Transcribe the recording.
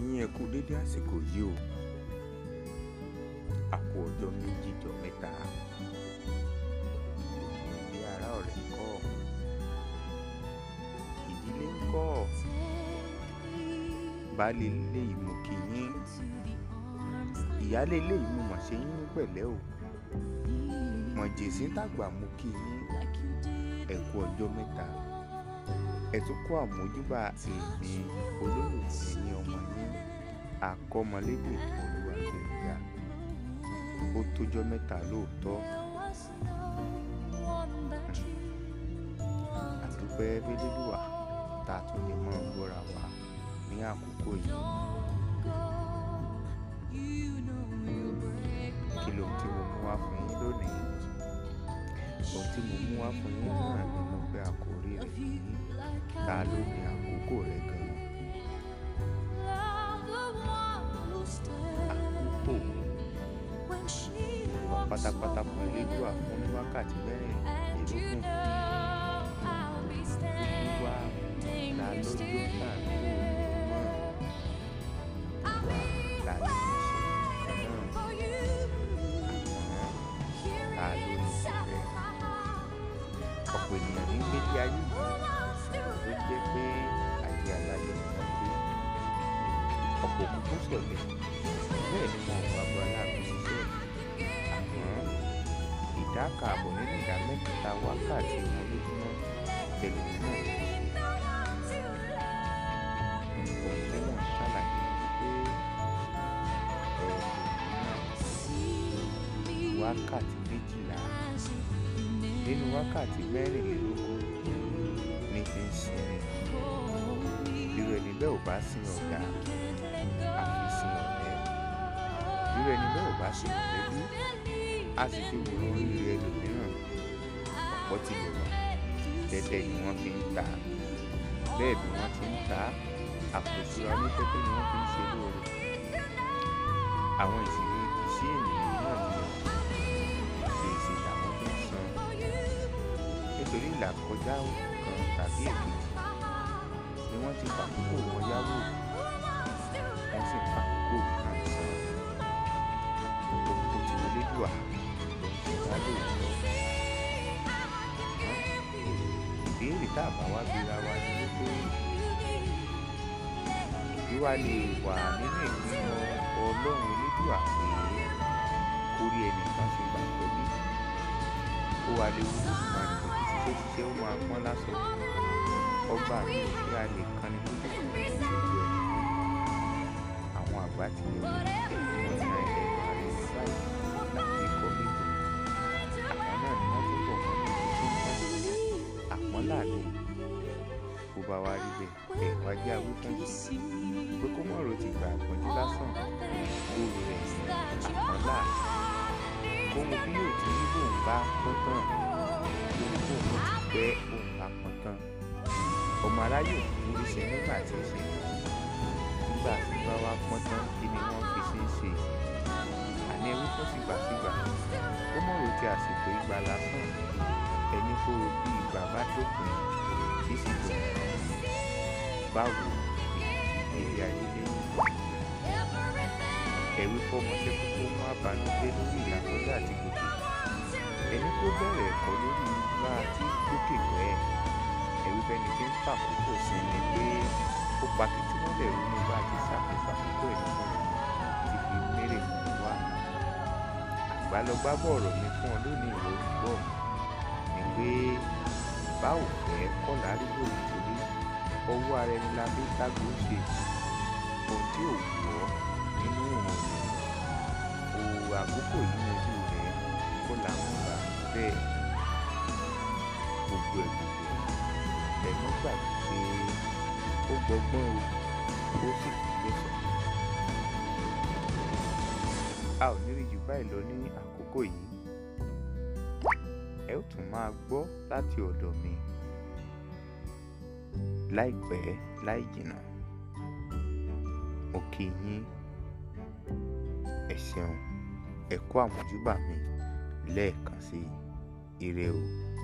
yín ẹ kú dédé àsìkò yìí o a kú ọjọ́ méjì jọ mẹ́ta ìgbé ara ọ̀rẹ́ kọ́ ìdílé ń kọ́ baálé ilé ìmọ̀ kí yín ìyáálé ilé ìmọ̀ mọ̀ ṣe yín pẹ̀lẹ́ o mọ̀jẹ̀síntàgbà mú kí yín ẹ kú ọjọ́ mẹ́ta ẹ tún kó àmójúbà èmi olólùfẹ́ yín ọmọ yín àkọ́mọlédè Olúwagbénga ó tójọ́ mẹ́ta lóòótọ́ àdúpẹ́ bẹ́lẹ́dùwà tá a tún lè máa gbọ́ra wa ní àkókò yìí. kí ló tí mo mú wá fún yín lónìí ohun tí mo mú wá fún yín náà ni mo gbé àkórí rẹ̀ yìí ta ló ní àkókò rẹ̀ gan àkókò wà pátápátá fún ilé ìjọ àfún wákàtí mẹ́rin ìlú fún. kiai dikiti aja lagi nanti aku kusul deh deh mau bawa lagi kusul akhirnya tidak kabur ini kami ketawa kasih mulutnya telinga wákàtí méjìlá nínú ẹni tí ń sinmi irú ẹni bẹ́ẹ̀ ò bá sin ọ̀gá àfi sin ọ̀rẹ́ irú ẹni bẹ́ẹ̀ ò bá sin ọ̀rẹ́bí a sì fi wòrò orí ẹlòmíràn ọ̀pọ̀ ti lè wà tẹ́tẹ́ ni wọ́n fi ń ta bẹ́ẹ̀ bí wọ́n ti ń ta àpòṣúra ní tẹ́tẹ́ ni wọ́n fi ń ṣe lóore àwọn ìṣòro ìṣí ènìyàn náà ni gbèsè làwọn fi ń san nítorí ìlàkọjá ó ìdí èyí ni wọ́n ti fa àkókò wọ̀nyáwó wọ́n sì fa àkókò àìsàn òkú tí wọ́n lé dùà ìdálò ìbéèrè tá a bá wá gbéra wa ni wípé ìwà lè wà nínú ìpinnu ọlọ́run onídùà pé orí ẹnìkan ṣe gbàgbọ́ bí ó wà léwu ìmọ̀ àti ìṣiṣẹ́ ṣiṣẹ́ ó máa pọ́n lásán ọgbà ní ìṣúra nìkan ni lójú fún ìlú ẹ̀ àwọn àgbà ti ní ẹgbẹ́ ọ̀nà ẹ̀rọ àríwáyé láti ikọ̀ méje náà ni wọ́n tó bọ̀ wọ́n ní ìṣúra àpọ́nlá mi kò bá wa rí bẹ́ẹ̀ ẹ̀wà jẹ́ awúkẹ́jì pé kó mọ̀rọ̀ ti gbà àpọ̀jù lásán lórí rẹ̀ àpọ́nlá ohun bí yóò ti ní bóun bá pọ́n tán lórí bóun ti pẹ́ òun bá tán ọmọ aráyé ò fi orí ṣe nígbà tí ì ṣe nígbà tí bá wá pọ́n tán kí ni wọ́n fi ṣe é ṣe àní ewu fún tìgbàtìgbà ó mọ̀rò ti àsìkò ìgbà lásán ẹni kó o bí ìgbà bá dópin kí sì tó báwo ìgbé ayé lẹ́yìn ẹ̀wí fọmọ sẹ́kù kó mú àbánújẹ́ lórí ìlàkọjá àti gbogbo ẹni kó bẹ̀rẹ̀ ẹ̀kọ́ lórí. pàtó tí wọ́n lè rí nígbà àti ṣàkóso àkókò ìfún ti fi mérè fún wa. àgbálọgbábọ̀ ọ̀rọ̀ mi fún ọ lónìí ìwọ gbọ́ ni pé bá ò fẹ́ kọ́ lárígbò nítorí ọwọ́ ara ẹni la fi tágbó ṣe ohun tí ò wù ọ́ nínú ìròyìn òwò àkókò yìí yanjú rẹ̀ kó làwọn bá bẹ́ẹ̀ gbogbo ẹ̀ gbogbo ẹ̀ mọ́ gbọ́gbọ́n o ó sì kì í lẹ́sọ̀. a ò ní rí jù báyìí lọ ní àkókò yìí ẹ ó tún máa gbọ́ láti ọ̀dọ̀ mi láìpẹ́ láì jìnnà mo kí yín ẹ ṣeun ẹ kú àmójúbà mi lẹ́ẹ̀kan sí ire o.